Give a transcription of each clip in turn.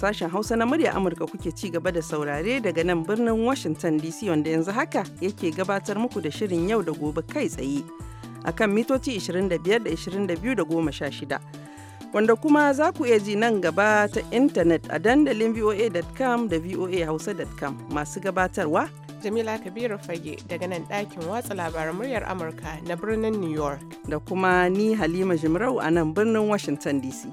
Sashen Hausa na murya Amurka kuke ci gaba da saurare daga nan birnin Washington DC wanda yanzu haka yake gabatar muku da shirin yau da gobe kai tsaye akan mitoci 25 da 22 da 16. Wanda kuma za ku iya ji nan gaba ta intanet a dandalin voa.com da voahausa.com masu gabatarwa. Jamila Kabiru Fage daga nan ɗakin watsa labaran muryar Amurka na birnin New York. Da kuma ni Halima Jimrau a nan birnin Washington DC.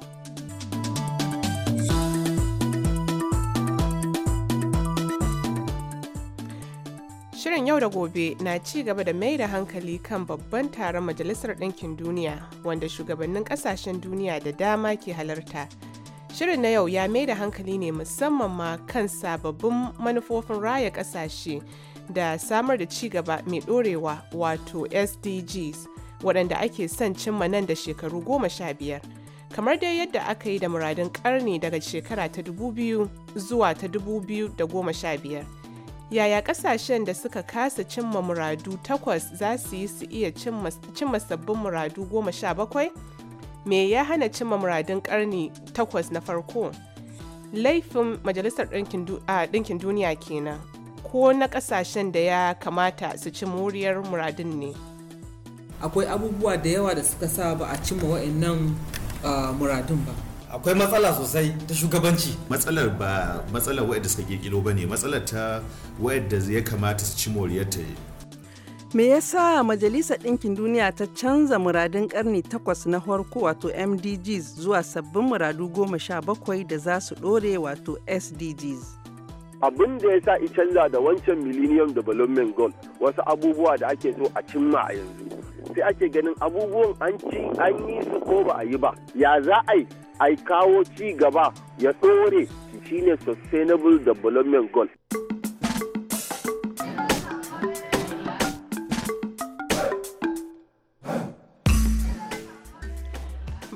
Shirin yau da gobe na ci gaba da mai da hankali kan babban taron Majalisar Ɗinkin Duniya wanda shugabannin ƙasashen duniya da dama ke halarta. Shirin na yau ya mai da hankali ne musamman ma kan sababbin manufofin raya ƙasashe da samar da ci gaba mai ɗorewa wato SDGs waɗanda ake son cimma nan da shekaru goma sha biyar. Kamar dai yadda aka yi da muradin ƙarni daga shekara ta 2000 zuwa ta biyar. yaya kasashen da suka kasa cimma muradu takwas za su yi su iya cimma sabbin muradu goma sha bakwai me ya hana cimma muradun karni takwas na farko laifin majalisar ɗinkin duniya kenan ko na kasashen da ya kamata su ci muriyar muradun ne akwai abubuwa da yawa da suka sa ba a cimma wa'annan muradun ba akwai matsala sosai ta shugabanci matsalar ba matsalar wadda suka kirkiro ba ne matsalar ta wadda ya kamata su ci moriyar ta me yasa majalisar ɗinkin duniya ta canza muradun ƙarni takwas na horko wato mdgs zuwa sabbin muradu goma sha bakwai da za su ɗore wato sdgs abin da ya sa i canza da wancan millennium development goal wasu abubuwa da ake so a cimma a yanzu sai ake ganin abubuwan an ci an yi su ko ba a yi ba ya za a yi a kawo ci gaba ya ɗore shine sustainable development goal.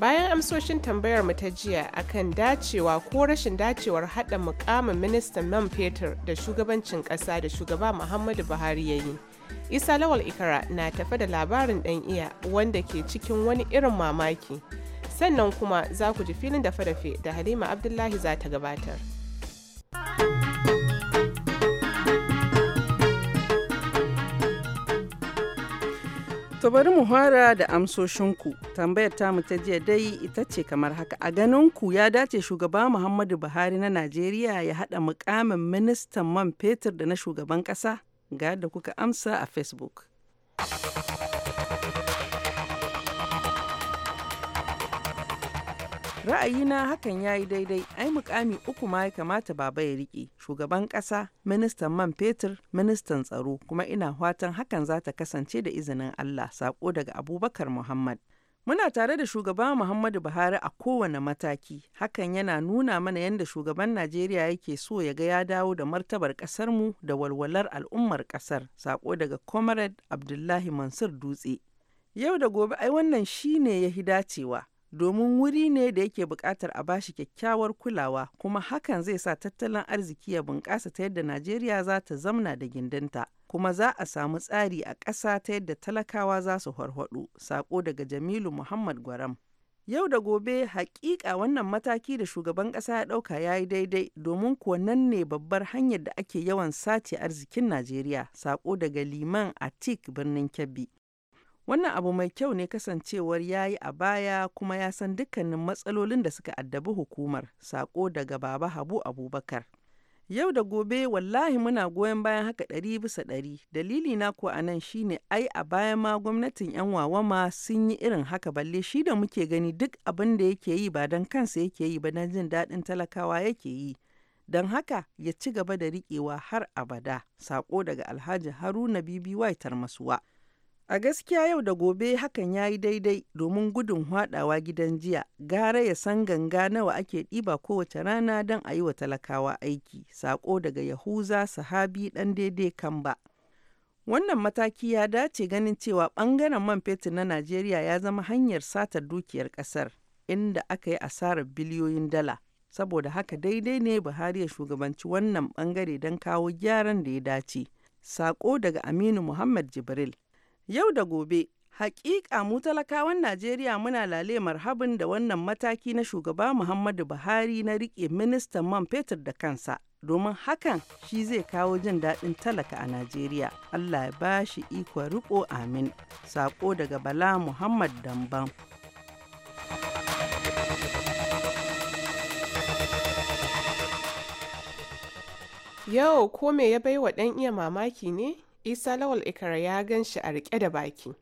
Bayan amsoshin tambayar mu ta jiya akan dacewa ko rashin dacewar haɗa mukamin ministan man fetur da shugabancin ƙasa da shugaba Muhammadu Buhari ya yi. Isa Lawal Ikara na tafe da labarin ɗan iya wanda ke cikin wani irin mamaki. Sannan kuma za ku ji filin da fadafe da Halima Abdullahi za ta gabatar. To bari mu fara da amsoshinku. Tambayar ta mu ta jiya dai ita ce kamar haka. A ganin ku ya dace shugaba Muhammadu Buhari na Najeriya ya haɗa mukamin ministan man fetur da na shugaban ƙasa? Ga da kuka amsa a Facebook. Ra'ayina hakan ya yi daidai, ai mukami uku ma ya kamata baba ya riƙe, shugaban ƙasa, ministan man fetur, ministan tsaro, kuma ina fatan hakan za ta kasance da izinin Allah, sako daga Abubakar Muhammad. Muna tare da shugaba Muhammadu Buhari a kowane mataki, hakan yana nuna mana yadda shugaban Najeriya yake so ya ga ya dawo da martabar mu da walwalar al'ummar kasar sako daga Comrade Abdullahi Mansur Dutse. Yau da gobe ai wannan shine ya hi dacewa, domin wuri ne da yake buƙatar a bashi kyakkyawar kulawa kuma hakan zai sa tattalin arziki ya bunƙasa ta yadda Najeriya za ta zamna da gindinta kuma za a samu tsari a ƙasa ta yadda talakawa za su harhaɗu saƙo daga Jamilu Muhammad Gwaram. Yau da gobe haƙiƙa wannan mataki da shugaban ƙasa ya ɗauka ya yi daidai domin kuwa nan ne babbar hanyar da ake yawan sace arzikin Najeriya saƙo daga Liman Atik birnin Kebbi. Wannan abu mai kyau ne kasancewar ya yi a baya kuma ya san dukkanin matsalolin da suka addabi hukumar, sako daga Baba Habu Abubakar. Yau da gobe wallahi muna goyon bayan haka ɗari bisa ɗari, dalili na ko anan shine ai a baya ma gwamnatin 'yan wawama sun yi irin haka balle shi da muke gani duk abin da yake yi ba don kansa yake yi ba don jin daɗin talakawa yake yi. Don haka ya ci gaba da riƙewa har abada, sako daga Alhaji Haruna BBY masuwa. A gaskiya yau da gobe hakan ya yi daidai domin gudun hwadawa gidan jiya, gara ya san ganga nawa ake ɗiba kowace rana don a yi wa talakawa aiki, saƙo daga Yahuza Sahabi ɗan daidai kan ba. Wannan mataki ya dace ganin cewa ɓangaren man fetur na Najeriya ya zama hanyar satar dukiyar ƙasar, inda aka yi asarar biliyoyin dala. Saboda haka daidai ne Buhari ya shugabanci wannan ɓangare don kawo gyaran da ya dace. Saƙo daga Aminu Muhammad Jibril. Yau da gobe, hakika mu talakawan Najeriya muna lale marhabin da wannan mataki na shugaba Muhammadu Buhari na riƙe ministan man fetur da kansa. Domin hakan shi zai kawo jin daɗin talaka a Najeriya. Allah ya bashi ikon riko amin. Sako daga Bala Muhammad Damban. Yau ko me ya baiwa ɗan iya mamaki ne? Isa Lawal Ikara ya gan shi a riƙe da baki.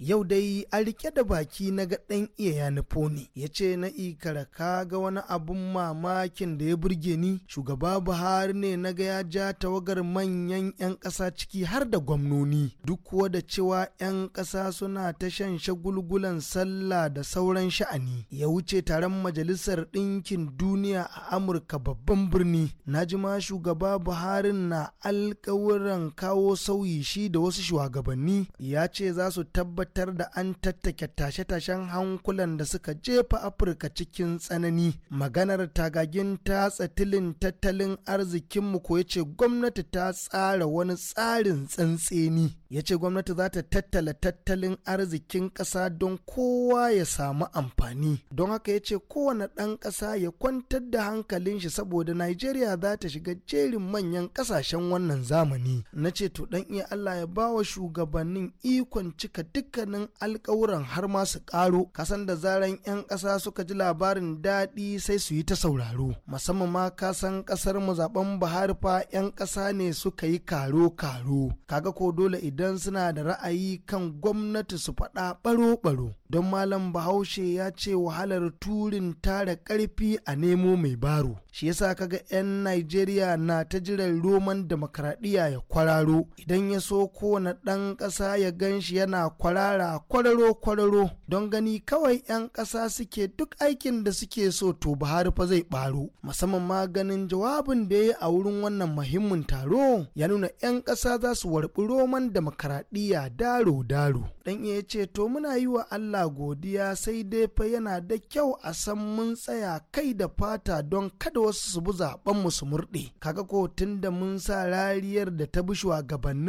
yau dai a rike da baki na ga ɗan iya ya nufo ya ce na ikaraka ga wani abun mamakin da ya burge ni shugaba buhari ne na ga ya ja tawagar manyan 'yan ƙasa ciki har da gwamnoni duk kuwa da cewa 'yan ƙasa suna ta shan shagulgulan sallah da sauran sha'ani ya wuce taron majalisar ɗinkin duniya a amurka babban birni na ji ma shugaba buhari na alkawuran kawo sauyi shi da wasu shugabanni ya ce za su tabbata tabbatar da an tattake tashe-tashen hankulan da suka jefa afirka cikin tsanani maganar tagagin tatsa tilin tattalin arzikinmu ko ya ce gwamnati ta tsara wani tsarin tsantseni ya ce gwamnati za ta tattala tattalin arzikin ƙasa don kowa ya samu amfani don haka ya ce kowane ɗan ƙasa ya kwantar da hankalin shi saboda nigeria za ta shiga jerin manyan ƙasashen wannan zamani na ce to dan iya allah ya ba wa shugabannin ikon cika dukkanin alkawuran har ma su ƙaro kasan da zaran 'yan ƙasa suka ji labarin daɗi sai su yi ta sauraro musamman ma kasan ƙasar mu zaben buhari fa 'yan ƙasa ne suka yi karo karo kaga ko dole idan idan suna da ra'ayi kan gwamnati su faɗa ɓaro-ɓaro don malam bahaushe ya ce wahalar turin tara ƙarfi a nemo mai baro shi yasa kaga 'yan najeriya na ta jiran roman demokradiyya ya kwararo idan ya so kowane ɗan ƙasa ya gan shi yana kwarara kwararo-kwararo don gani kawai 'yan ƙasa suke duk aikin da suke so to buhari fa zai ɓaro musamman ma ganin jawabin da ya yi a wurin wannan mahimmin taro ya nuna 'yan ƙasa za su warɓi roman demokradiyya demokaradiyya daro-daro. Dan iya ce to muna yi wa Allah godiya sai dai fa yana da kyau a san mun tsaya kai da fata don kada wasu su bi mu su murɗe. Kaga ko tun da mun sa rariyar da ta bi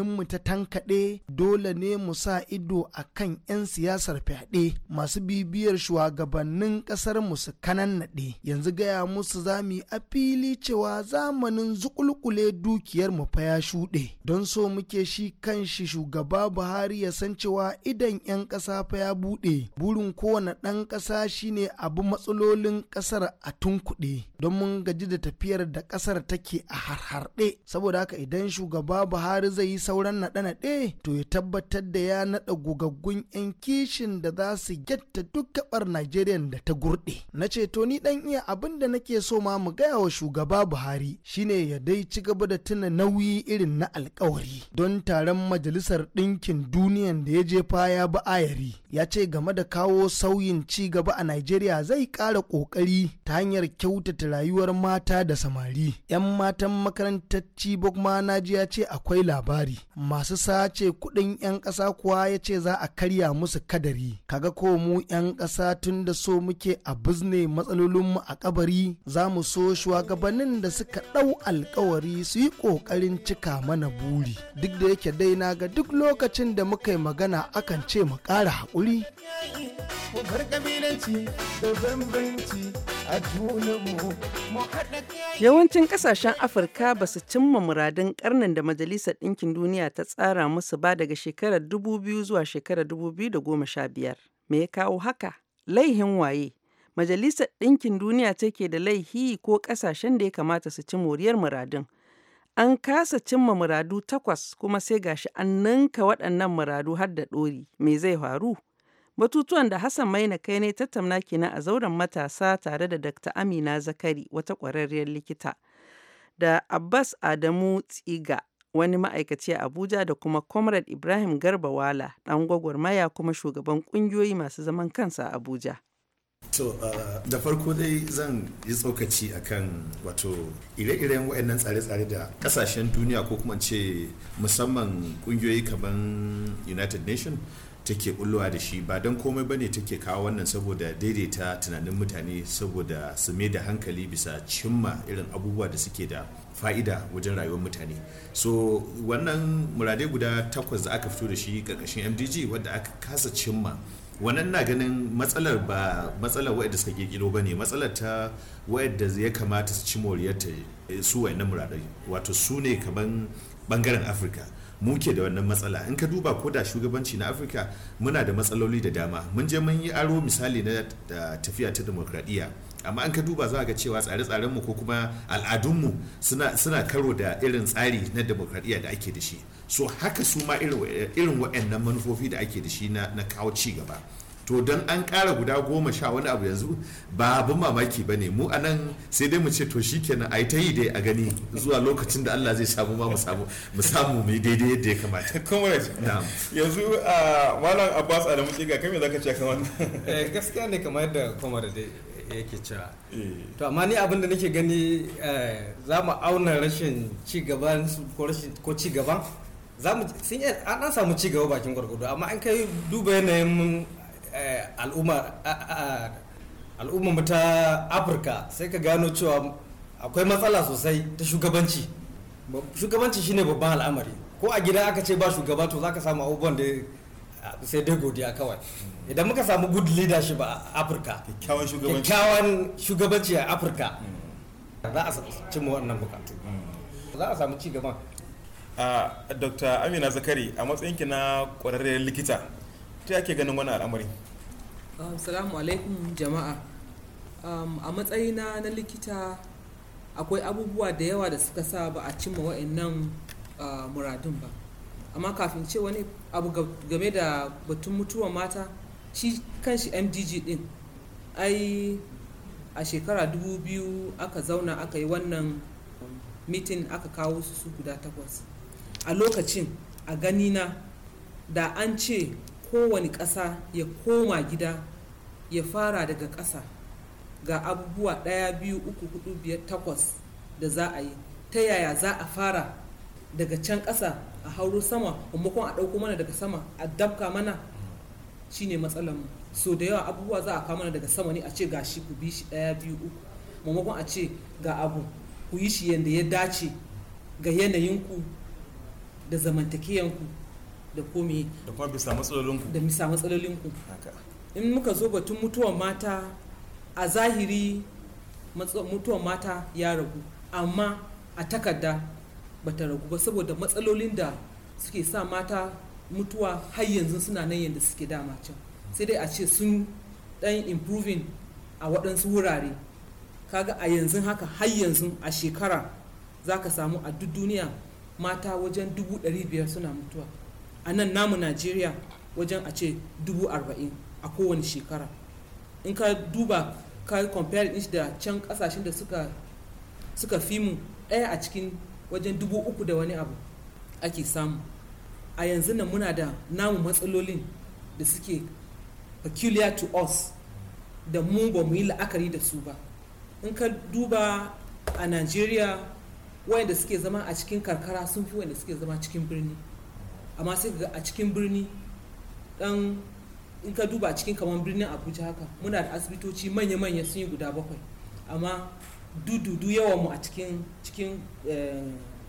mu ta tankaɗe dole ne mu sa ido a kan 'yan siyasar fyaɗe masu bibiyar shugabannin ƙasar mu su kanannaɗe. Yanzu gaya musu za mu yi a fili cewa zamanin zukulkule dukiyar mu fa ya shuɗe don so muke shi kan shi shugaba buhari ya san cewa idan 'yan ƙasa fa ya buɗe burin kowane ɗan ƙasa shine abu matsalolin ƙasar a tun tunkuɗe don mun gaji da tafiyar da ƙasar take a harharɗe saboda haka idan shugaba buhari zai yi sauran naɗe-naɗe to ya tabbatar da ya naɗa gugaggun 'yan kishin da za su gyatta duk gaɓar najeriya da ta gurɗe na ce to ni ɗan iya abin da nake so ma mu gaya wa shugaba buhari shine ya dai ci gaba da tuna nauyi irin na alkawari don taron majalisar majalisar ɗinkin duniyan da ya jefa ya bi ayari ya ce game da kawo sauyin ci gaba a Najeriya zai ƙara ƙoƙari ta hanyar kyautata rayuwar mata da samari. 'Yan matan makarantar Chibok ma ya ce akwai labari. Masu sace kuɗin 'yan ƙasa kuwa ya ce za a karya musu kadari. Kaga ko mu 'yan ƙasa tun da so muke a bizne matsalolinmu a kabari za mu so shugabannin da suka ɗau alkawari su yi ƙoƙarin cika mana buri. Duk da yake dai na ga duk lokacin da muka yi magana akan ce mu ƙara haƙuri Yawancin ƙasashen Afirka ba su cimma muradun ƙarnin da Majalisar Ɗinkin Duniya ta tsara musu ba daga shekarar 2000 zuwa shekarar 2015. Me ya kawo haka? Laihin waye? Majalisar Ɗinkin Duniya take da laihi ko ƙasashen da ya kamata su ci moriyar muradun. An kasa cimma muradu takwas kuma sai gashi an ninka waɗannan muradu har da ɗori. Me zai faru? Batutuwan da Hassan Maina kai ne tattauna kenan a zauren matasa tare da Dr. Amina Zakari wata ƙwararriyar likita da Abbas Adamu Tsiga wani ma'aikaci a Abuja da kuma Comrade Ibrahim Garba Wala ɗan gwagwarmaya kuma shugaban ƙungiyoyi masu zaman kansa a Abuja. so uh, da farko dai zan yi tsokaci akan wato ire-iren waɗannan tsare-tsare da kasashen duniya ko kuma ce musamman ƙungiyoyi kamar united nations take bullowa da shi ba don komai bane take kawo wannan saboda daidaita tunanin mutane saboda su mai da hankali bisa cimma irin abubuwa da suke da fa'ida wajen rayuwar mutane so wannan murade guda takwas da aka fito da shi ƙarƙashin mdg wadda aka kasa cimma wannan na ganin matsalar ba matsalar wadda suka kirkiro ba ne matsalar ta wa'yanda ya kamata su ci ta eh, su wa'annan muradai wato su ne kaman bangaren afirka mu ke da wannan matsala in ka duba ko da shugabanci na afirka muna da matsaloli da dama mun je mun yi aro misali na tafiya ta demokradiyya amma an ka duba za ga cewa tsare-tsarenmu ko kuma al'adunmu suna karo da irin tsari na demokradiyya da ake da shi so haka su ma irin wa'annan manufofi da ake da shi na kawo ci gaba to don an ƙara guda goma sha wani abu yanzu ba abin mamaki ba ne mu a nan sai dai mu ce to shi kenan a yi ta yi dai a gani zuwa lokacin da Allah zai samu ma mu samu mu samu mu yi daidai yadda ya kamata kuma yanzu ah, malam Abbas Adamu Tsiga kamar me zaka ce kamar wannan eh, gaskiya ne kamar yadda kuma da dai yake cewa eh. to amma ni abinda nake gani eh, za mu auna rashin cigaban ko cigaban an dan samu gaba bakin gwargwado amma an kai duba yanayin eh, al'umma mu ta afirka sai ka gano cewa akwai matsala sosai ta shugabanci shugabanci shine babban al'amari ko a gida aka ce ba shugaba to za ka samu abubuwan da Ah, sai dai godiya kawai idan muka samu good leadership a afirka kyakkyawan shugabanci a afirka za a cimma wannan bukatu hmm. za a samu ci gaban ah, dr amina zakari a matsayinki na kwararren likita ta yake ganin wani al'amari ah, salamu alaikum jama'a um, a matsayina na likita akwai abubuwa da yawa da suka sa ba a cimma wa'annan muradun ba amma kafin ce wani abu game da batun mutuwar mata shi kanshi mdg din ai a shekara 2000 aka zauna aka yi wannan mitin aka kawo su guda takwas a lokacin a ganina da an ce kowane ƙasa ya koma gida ya fara daga ƙasa ga abubuwa ɗaya biyu uku hudu biyar takwas da za a yi ta yaya za a fara daga can ƙasa a hauro sama maimakon a ɗauko mana daga sama a dabka mana shine matsalar mu so da yawa abubuwa za a kama mana daga sama ne a ce ga shi ku bi shi ɗaya biyu uku Mamakon a ce ga abu ku yi shi yadda ya dace ga yanayinku da zamantakiyanku da komi da kuma bisa matsalolinku da bisa matsalolinku in muka zo batun mutuwar mata a zahiri mutuwar mata ya ragu amma a takarda bata ragu ba saboda matsalolin da suke sa mata mutuwa har yanzu suna nan yadda suke dama can sai dai a ce sun dan improving a waɗansu wurare kaga a yanzu haka har yanzu a shekara za ka samu a duk duniya mata wajen dubu ɗari biyar suna mutuwa a nan namu najeriya wajen a ce dubu arba'in a kowane shekara in ka duba ka compare da can kasashen da suka suka fi mu ɗaya a cikin wajen dubu uku da wani abu ake samu a yanzu nan muna da namu matsalolin da suke peculiar to us da mu ba mu yi la'akari da su ba in ka duba a nigeria wayanda suke zama a cikin karkara sun fi wayanda suke zama cikin birni amma sai ga a cikin birni dan in ka duba a cikin kamar birnin abuja haka muna da asibitoci manya-manya sun yi guda bakwai amma dududu yawa mu a cikin cikin eh,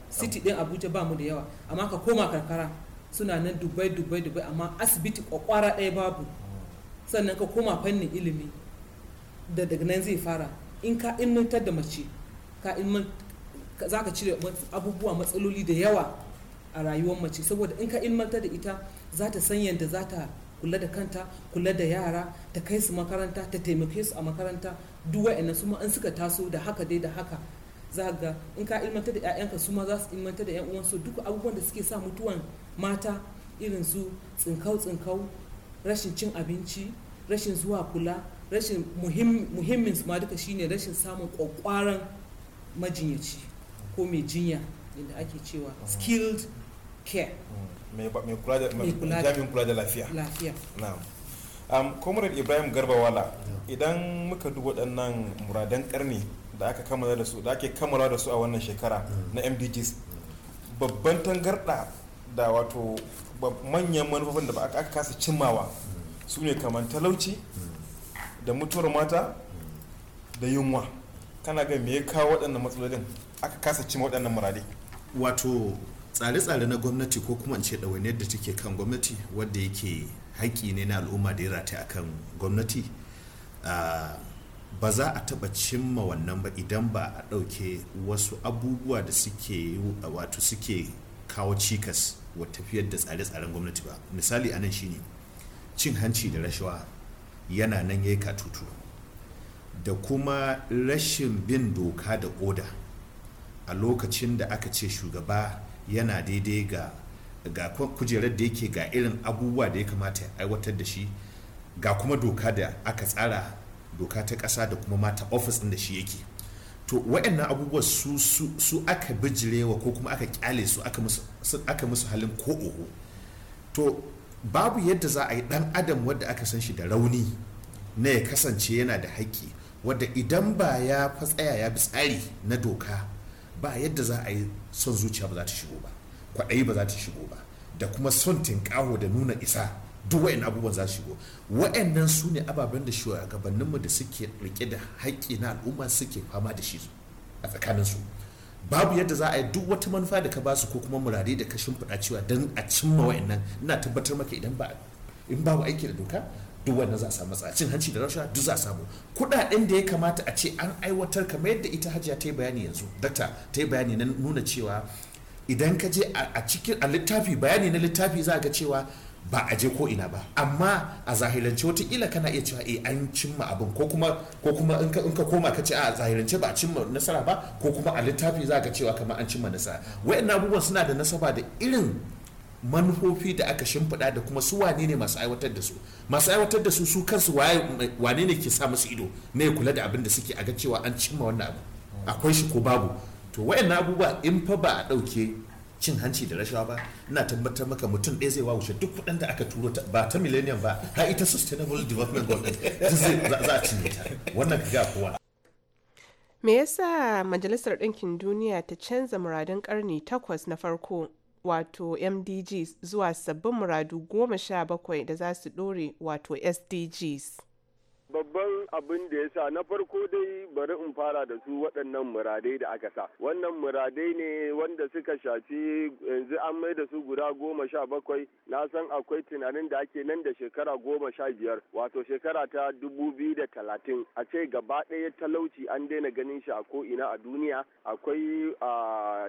city din abuja ba mu da yawa amma ka koma karkara suna nan dubai dubai dubai amma asibiti kwakwara ɗaya babu sannan ka koma fannin ilimi da daga nan zai fara in ka ilmantar da mace ka za ka cire abubuwa matsaloli da yawa a rayuwar mace saboda in ka ilmantar da ita za ta san yadda za ta kula da kanta kula da yara ta kai su makaranta ta taimake su a makaranta duk wa'annan su ma in suka taso da haka dai da haka za ga in ka ilmanta da 'ya'yanka su ma za su ilmanta da 'yan uwansu duk abubuwan da suke sa mutuwan mata irin su tsinkau tsinkau rashin cin abinci rashin zuwa kula rashin muhimmin su ma duka shine rashin samun kwakwaran majinyaci ko mai jinya inda ake cewa skilled care mm. mai kula da jami'in kula da lafiya lafiya na'am um, comrade ibrahim garbawala idan muka duk waɗannan muradan ƙarni da aka kammala da su da ake kammala da su a wannan shekara na mdgs babban tangarɗa da wato manyan manufofin da aka kasa cimmawa su ne kamar talauci da mutuwar mata da yunwa kana ga me ya kawo waɗannan matsalolin aka kasa cimma waɗannan murade. wato tsare-tsare na gwamnati ko kuma in ce ɗawainiyar da take kan gwamnati wadda yake haƙƙi ne na al'umma da ya rataye a kan gwamnati ba za a taɓa cimma wannan ba idan ba a ɗauke wasu abubuwa da suke wato suke kawo cikas wa tafiyar da tsare-tsaren gwamnati ba misali a nan shine cin hanci da rashawa yana nan ya yi katutu da kuma rashin bin doka da oda a lokacin da aka ce shugaba yana daidai ga ga kujerar da yake ga irin abubuwa da ya kamata ya aiwatar da shi ga kuma doka da aka tsara doka ta ƙasa da kuma mata ofis ɗin da shi yake to waɗannan abubuwa su, aka bijirewa ko kuma aka kyale su aka musu halin ko oho to babu yadda za a yi ɗan adam wadda aka san shi da rauni na ya kasance yana da haƙƙi wadda idan ba ya fatsaya ya bi tsari na doka ba yadda za a yi son zuciya ba za ta shigo ba kwaɗayi ba za ta shigo ba da kuma son tinƙaho da nuna isa duk wa'in abubuwan za su shigo wa'annan su ne ababen da gabaninmu da suke rike da haƙƙi na al'umma suke fama da shi a tsakanin su babu yadda za a yi duk wata manufa da ka basu ko kuma murare da ka shimfiɗa cewa don a cimma wa'annan ina tabbatar maka idan ba in babu aiki da doka duk wanda za a samu matsala cin hanci da rashawa duk za a samu kuɗaɗen da ya kamata a ce an aiwatar kamar yadda ita hajiya ta yi bayani yanzu data ta yi bayani na nuna cewa idan ka je a cikin a littafi bayani na littafi za ga cewa ba a je ko ina ba amma a zahirance watakila kana iya cewa eh an cimma abin ko kuma in ka koma ka ce a zahirance ba a cimma nasara ba ko kuma a littafi za ga cewa kamar an cimma nasara wayannan abubuwan suna da nasaba da irin manufofi da aka shimfiɗa da kuma su wane ne masu aiwatar da su masu aiwatar da su su kansu wane ne ke sa musu ido na ya kula da abin da suke a ga cewa an cimma wannan abu akwai shi ko babu to wayannan abubuwa in fa ba a ɗauke cin hanci da rashawa ba ina tabbatar maka mutum ɗaya zai wawushe duk kuɗin da aka turo ta ba ta millennium ba har ita sustainable development goal za a cinye ta wannan ka ga kowa me yasa majalisar ɗinkin duniya ta canza muradin karni takwas na farko wato mdgs zuwa sabbin muradu goma sha bakwai da za su dore wato sdgs Babban abin da ya sa na farko dai bari in fara da su waɗannan muradai da aka sa. Wannan muradai ne wanda suka shafi yanzu an mai da su guda goma sha bakwai na san akwai tunanin da ake nan da shekara goma sha biyar wato shekara ta dubu biyu da talatin a ce gaba ɗaya talauci an daina ganin shi a ko'ina a duniya akwai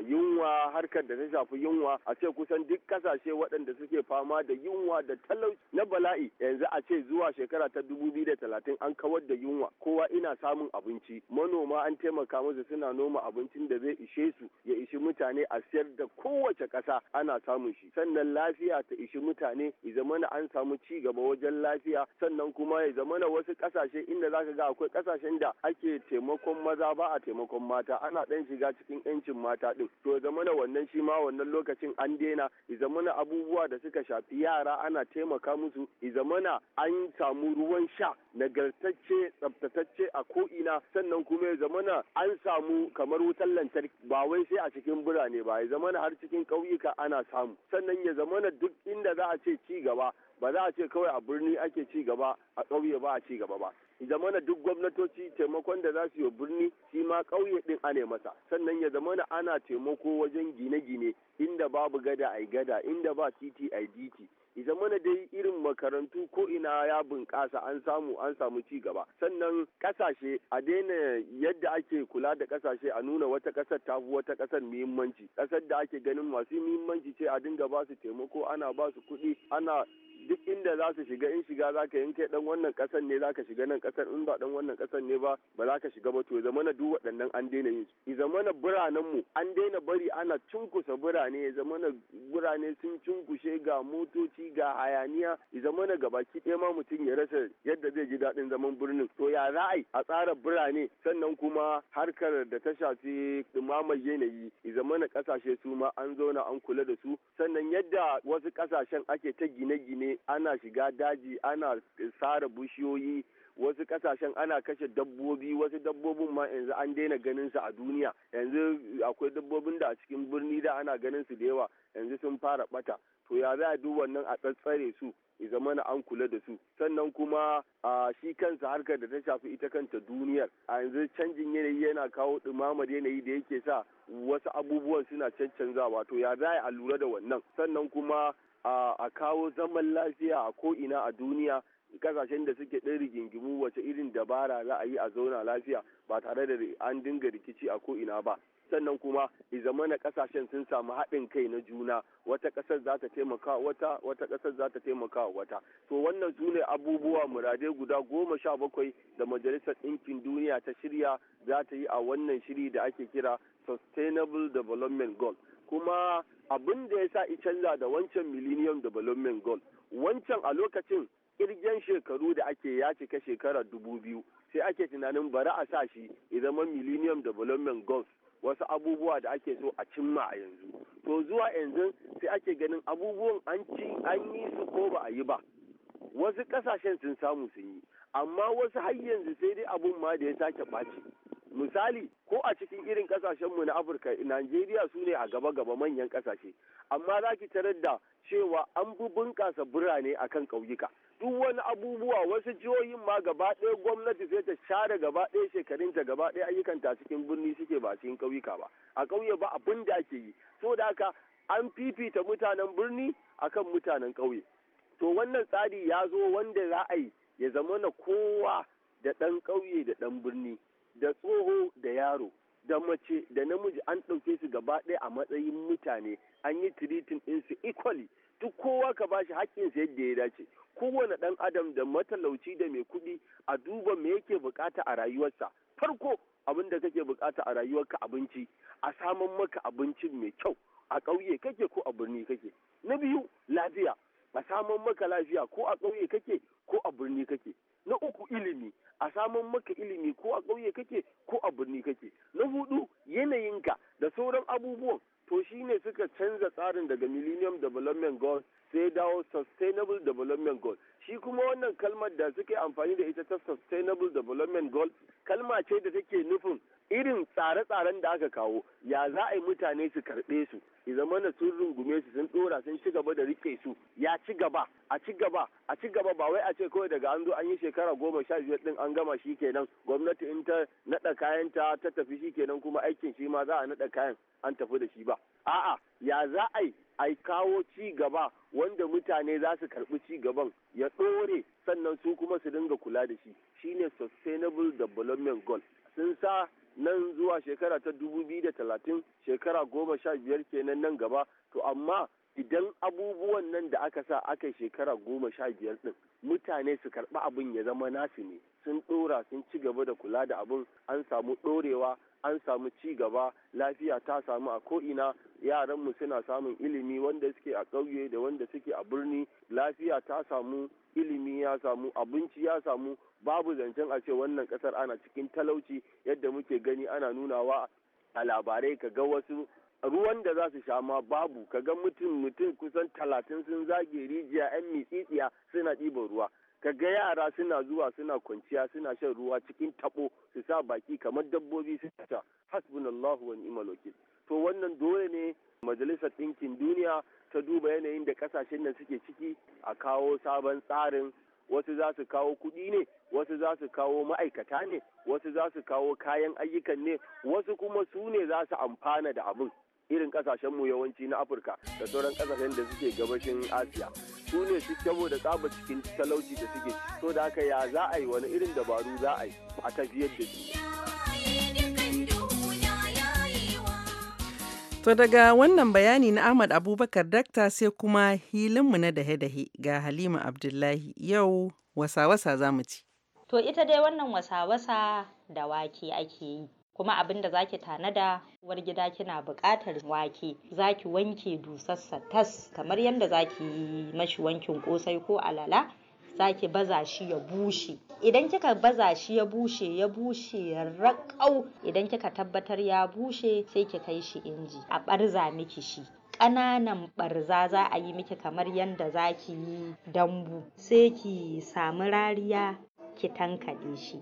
yunwa harkar da ta shafi yunwa a ce kusan duk ƙasashe waɗanda suke fama da yunwa da talauci na bala'i yanzu a ce zuwa shekara ta dubu biyu da talatin in an kawar da yunwa kowa ina samun abinci manoma an taimaka musu suna noma abincin da zai ishe su ya ishi mutane a siyar da kowace ƙasa ana samun shi sannan lafiya ta ishi mutane ya zamana an samu ci gaba wajen lafiya sannan kuma ya zamana wasu ƙasashe inda za ka ga akwai ƙasashen da ake taimakon maza ba a taimakon mata ana ɗan shiga cikin 'yancin mata ɗin to ya zamana wannan shi ma wannan lokacin an daina ya zamana abubuwa da suka shafi yara ana taimaka musu ya zamana an samu ruwan sha na nagartacce tsaftatacce a ko'ina sannan kuma ya zamana an samu kamar wutar lantarki ba wai sai a cikin birane ba ya zamana har cikin ƙauyuka ana samu sannan ya zamana duk inda za a ce ci gaba ba za a ce kawai a birni ake ci gaba a ƙauye ba a ci gaba ba zamana duk gwamnatoci taimakon da za su yi birni shi ma ƙauye ɗin ne masa sannan ya zamana ana taimako wajen gine-gine inda babu gada ai gada inda ba titi ai titi idan mana dai irin makarantu ko ina ya bunƙasa an samu an samu ci gaba sannan ƙasashe a daina yadda ake kula da ƙasashe a nuna wata ƙasar ta fi wata ƙasar muhimmanci ƙasar da ake ganin masu muhimmanci ce a dinga ba su taimako ana ba su kuɗi ana duk inda za su shiga in shiga za ka yanke dan wannan ƙasar ne za ka shiga nan kasar in ba dan wannan kasar ne ba ba za ka shiga ba to ya zamana duk waɗannan an daina yin su ya zamana biranenmu an daina bari ana cunkusa birane ya zamana birane sun cunkushe ga motoci ga hayaniya ya zamana gabaki ɗaya ma mutum ya rasa yadda zai ji daɗin zaman birnin to ya za a tsara birane sannan kuma harkar da ta shafi dumamar yanayi ya zamana ƙasashe su ma an zauna an kula da su sannan yadda wasu ƙasashen ake ta gine-gine ana shiga daji ana sare bushiyoyi wasu kasashen ana kashe dabbobi wasu dabbobin ma yanzu an daina ganin su a duniya yanzu akwai dabbobin da a cikin birni da ana ganin su da yawa yanzu sun fara bata to ya za a duk wannan a tsatsare su ya na an kula da su sannan kuma a shi kansa harkar da ta shafi ita kanta duniyar a yanzu canjin yanayi yana kawo dumamar yanayi da yake sa wasu abubuwan suna cancanzawa to ya za a lura da wannan sannan kuma a kawo zaman lafiya a ko ina a duniya kasashen da suke ɗin rigingimu wace irin dabara za a yi a zauna lafiya ba tare da an dinga rikici a ko ina ba sannan kuma na kasashen sun samu haɗin kai na juna wata ƙasar za ta taimaka wata wata ƙasar za ta taimaka wata to wannan su ne abubuwa murade guda goma sha bakwai da majalisar ɗinkin duniya ta shirya za ta yi a wannan shiri da ake kira sustainable development goal kuma abin da ya sa i canza da wancan millennium development goal wancan a lokacin kirgen shekaru da ake ya cika shekarar dubu biyu sai ake tunanin bari a sa shi ya zama millennium development goals wasu abubuwa da ake so a cimma a yanzu to zuwa yanzu sai ake ganin abubuwan an ci an yi su ko ba a yi ba wasu kasashen sun samu sun yi amma wasu har yanzu sai dai abun ma da ya sake ɓaci misali ko a cikin irin kasashenmu na afirka najeriya su ne a gaba-gaba manyan kasashe amma za ki tarar da cewa an fi bunƙasa birane a kan ƙauyuka duk wani abubuwa wasu jihohin ma gaba ɗaya gwamnati sai ta share gaba ɗaya shekarunta gaba ɗaya ayyukanta cikin birni suke ba cikin ƙauyuka ba a ƙauye ba abin da ake yi so da haka an fifita mutanen birni akan mutanen ƙauye to wannan tsari ya zo wanda za a yi ya zama na kowa da ɗan ƙauye da ɗan birni da tsoho da yaro da mace da namiji an ɗauke su gaba ɗaya a matsayin mutane an yi tiritin ɗinsu equally duk kowa ka ba shi haƙƙinsa yadda ya dace kowane ɗan adam da matalauci da mai kuɗi a duba me yake bukata a rayuwarsa farko abin da kake bukata a rayuwarka abinci a saman maka abinci mai kyau a ƙauye kake ko a birni kake na biyu lafiya a saman maka lafiya ko a ƙauye kake ko a birni kake na uku ilimi a samun maka ilimi ko a ƙauye kake ko a birni kake na hudu yanayinka da sauran abubuwan to shi ne suka canza tsarin daga millennium development goal sai dawo sustainable development goal shi kuma wannan kalmar da suke amfani da ita ta sustainable development goal kalma ce da take nufin irin tsare-tsaren da aka kawo ya za a yi mutane su karɓe su Idan mana sun rungume su sun tsora, sun ci gaba da rike su ya ci gaba a ci gaba a ci gaba ba wai a ce kawai daga an zo an yi shekara goma sha biyar din an gama shi kenan gwamnati in ta naɗa kayan ta ta tafi shi kenan kuma aikin shi ma za a naɗa kayan an tafi da shi ba a'a ya za a yi a kawo ci gaba wanda mutane za su karɓi ci gaban ya ɗore sannan su kuma su dinga kula da shi shine sustainable development goal sun sa nan zuwa shekara ta dubu biyu da talatin shekara goma sha biyar kenan nan gaba to amma idan abubuwan nan da aka sa aka shekara goma sha biyar din mutane su karɓi abin ya zama nasu ne sun ɗora sun ci gaba da kula da abin an samu ɗorewa an samu ci gaba lafiya ta samu a ko'ina mu suna samun ilimi wanda suke a ƙauye da wanda suke a birni lafiya ta samu ilimi ya samu abinci ya samu babu zancen a ce wannan ƙasar ana cikin talauci yadda muke gani ana nunawa a labarai ka ga wasu ruwan da za su sha ma babu ka ga mutum mutum kusan talatin sun zage rijiya 'yan mitsitsiya suna ɗiban ruwa kaga yara suna zuwa suna kwanciya suna shan ruwa cikin tabo su sa baki kamar dabbobi su ta hasbunallahu wa ni'mal wakil to wannan dole ne majalisar ɗinkin duniya ta duba yanayin da kasashen nan suke ciki a kawo sabon tsarin wasu za su kawo kuɗi ne wasu za su kawo ma'aikata ne wasu za su kawo kayan ayyukan ne wasu kuma su ne za su amfana da abin irin kasashen mu yawanci na afirka da sauran kasashen da suke gabashin asiya su ne su da tsaba cikin talauci da suke so da haka ya za a yi wani irin dabaru za a yi a tafiyar da su To daga wannan bayani na Ahmad Abubakar Dakta sai kuma hilinmu na dahe-dahe ga Halima Abdullahi yau wasa-wasa za mu ci. To ita dai wannan wasa-wasa da wake ake yi. kuma abin da zaki tanada uwar gida kina buƙatar wake zaki wanke dusassa tas kamar yadda zaki yi mashi wankin ƙosai ko alala zaki baza shi ya bushe idan kika baza shi ya bushe ya bushe ya raƙau idan kika tabbatar ya bushe sai ki kai shi inji a ɓarza miki shi ƙananan ɓarza za a yi miki kamar yadda zaki yi dambu sai ki samu rariya ki tankaɗe shi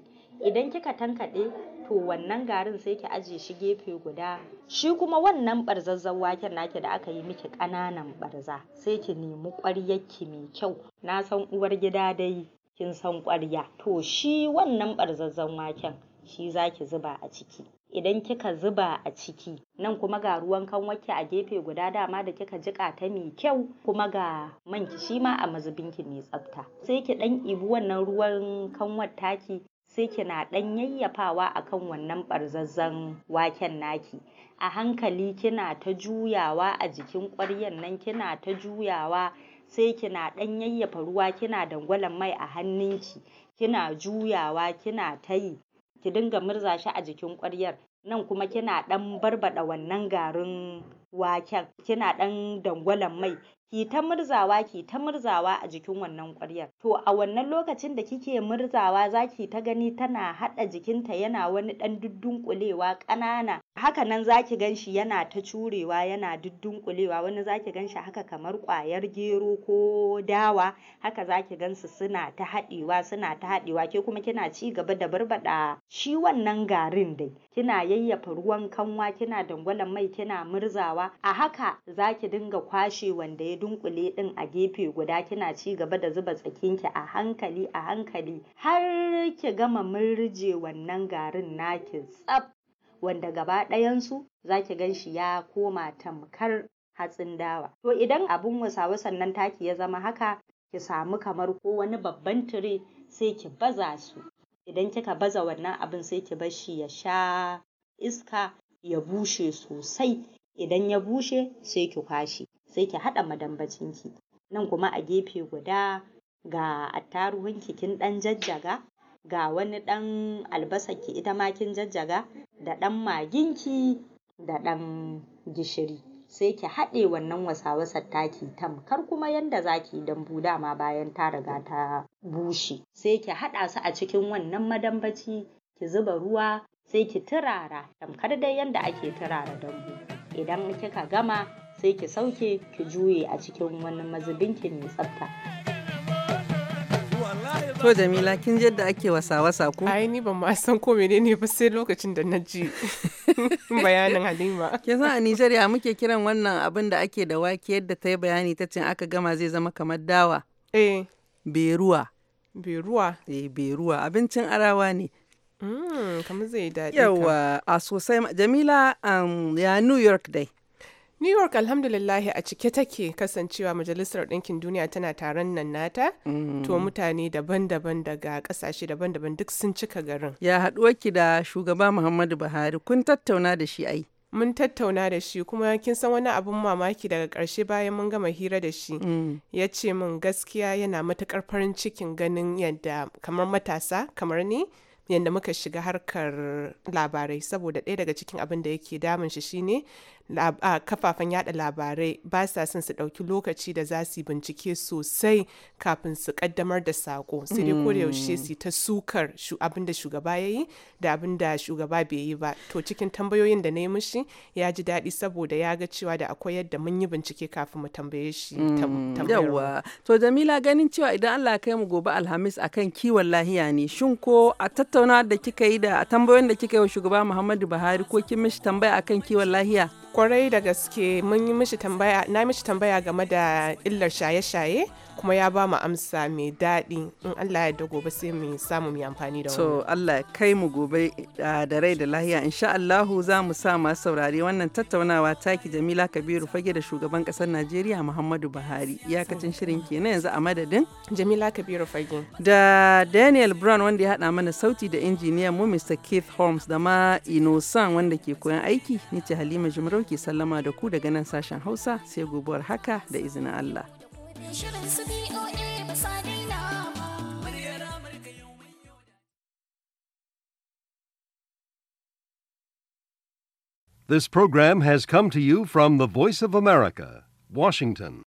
idan kika tankaɗe to wannan garin sai ki aje shi gefe guda shi kuma wannan barzazzan waken naki da aka yi miki ƙananan barza sai ki nemi ƙwaryarki mai kyau na san uwar gida dai kin san ƙwarya to shi wannan barzazzan waken shi zaki zuba a ciki idan kika zuba a ciki nan kuma ga ruwan kanwarki a gefe guda dama da kika jiƙa ta mai kyau kuma ga manki ki shi ma a mazubinki mai tsafta sai ki ɗan ibi wannan ruwan kanwar taki sai kina ɗan yayyafawa akan wannan ɓarzazzan waken naki a hankali kina ta juyawa a jikin ƙwaryan nan kina ta juyawa sai kina ɗan yayyafa ruwa kina dangwalan mai a hannunki kina juyawa kina ta yi ki dinga murza shi a jikin ƙwaryar nan kuma kina ɗan barbaɗa wannan garin waken kina ɗan dangwalan mai ki ta murzawa ki ta murzawa a jikin wannan ƙwaryar to a wannan lokacin da kike murzawa zaki ta gani tana haɗa jikinta yana wani ɗan duddunƙulewa ƙanana haka nan za ki gan shi yana ta curewa yana duddunkulewa wani za ki gan shi haka kamar ƙwayar gero ko dawa haka zaki gan su suna ta haɗewa suna ta haɗewa ke kuma kina ci gaba da barbaɗa shi wannan garin dai kina yayyafa ruwan kanwa kina dangwalan mai kina murzawa a haka za ki dinga kwashe wanda ya dunkule din a gefe guda kina ci gaba da zuba tsakin ki a hankali a hankali har ki gama murje wannan garin naki tsaf wanda gaba ɗayansu za ki gan shi ya koma tamkar hatsin dawa. To idan abin wasa-wasan nan taki ya zama haka ki samu kamar ko wani babban tire sai ki baza su. Idan kika baza wannan abin sai ki bar shi ya sha iska ya bushe sosai. Idan ya bushe sai ki kwashe sai ki haɗa madambacinki. Nan kuma a gefe guda ga attaruhunki kin ɗan jajjaga ga wani ɗan albasarki ita makin jajjaga da ɗan maginki da ɗan gishiri sai ki haɗe wannan wasa-wasar taki tamkar kuma yanda za ki yi dambu dama bayan ta riga ta bushe sai ki haɗa su a cikin wannan madambaci ki zuba ruwa sai ki turara tamkar dai yanda ake turara dambu idan kika gama sai ki sauke ki juye a cikin wani mazubinki mai tsafta To Jamila kin je yadda ake wasa wasa ko? Ai ni ban ma san ko menene ba sai lokacin da na ji bayanin Halima. Ke san a Nigeria muke kiran wannan abin da ake da wake yadda ta yi bayani ta ce aka gama zai zama kamar dawa. Eh. Beruwa. Beruwa. Eh beruwa abincin arawa ne. Mm, kamar zai daɗi. Yawa a sosai Jamila um, ya New York dai. New York alhamdulillah a cike take kasancewa Majalisar Ɗinkin Duniya tana taron nan nata, mm. to mutane daban-daban daga ƙasashe daban-daban duk sun cika garin. Ya ki da shugaba Muhammadu Buhari kun tattauna da shi ai. Mun tattauna da shi kuma kin san wani abin mamaki daga ƙarshe bayan mun gama hira da shi. Mm. Ya ce min gaskiya yana matuƙar farin cikin ganin yadda kamar matasa kamar ni. yadda muka shiga harkar labarai saboda ɗaya daga cikin abin da yake damun shi shine kafafen yada labarai ba sa son su ɗauki lokaci da za su bincike sosai kafin su kaddamar da sako sai dai ko da yaushe mm. su ta sukar abin da shugaba ya yi da abin da shugaba bai yi ba to cikin tambayoyin da na yi mishi ya ji daɗi saboda ya ga cewa da akwai yadda mun yi bincike kafin mu tambaye shi mm. yawa to jamila ganin cewa idan allah kai mu gobe alhamis akan kiwon lahiya ne shin ko a tattauna da kika yi da tambayoyin da kika yi wa shugaba muhammadu buhari ko kin mishi tambaya akan kiwon lahiya kwarai da gaske mun yi mishi tambaya na mishi tambaya game da illar shaye-shaye kuma ya ba mu amsa mai daɗi in Allah ya gobe sai mu samu mu amfani da wannan. To Allah kai mu gobe da rai da lahiya insha Allahu za mu sa masu saurare wannan tattaunawa taki Jamila Kabiru fage da shugaban kasar Najeriya Muhammadu Buhari iyakacin shirin kenan yanzu a madadin Jamila Kabiru fage da Daniel Brown wanda ya haɗa mana sauti da injiniyan mu Mr Keith Holmes da ma Inosan wanda ke koyan aiki ni ce Halima Jumrau sallama da ku daga nan sashen Hausa sai gobuwar haka da izinin Allah. shirin su BOA ba sa This program has come to you from the Voice of America, Washington.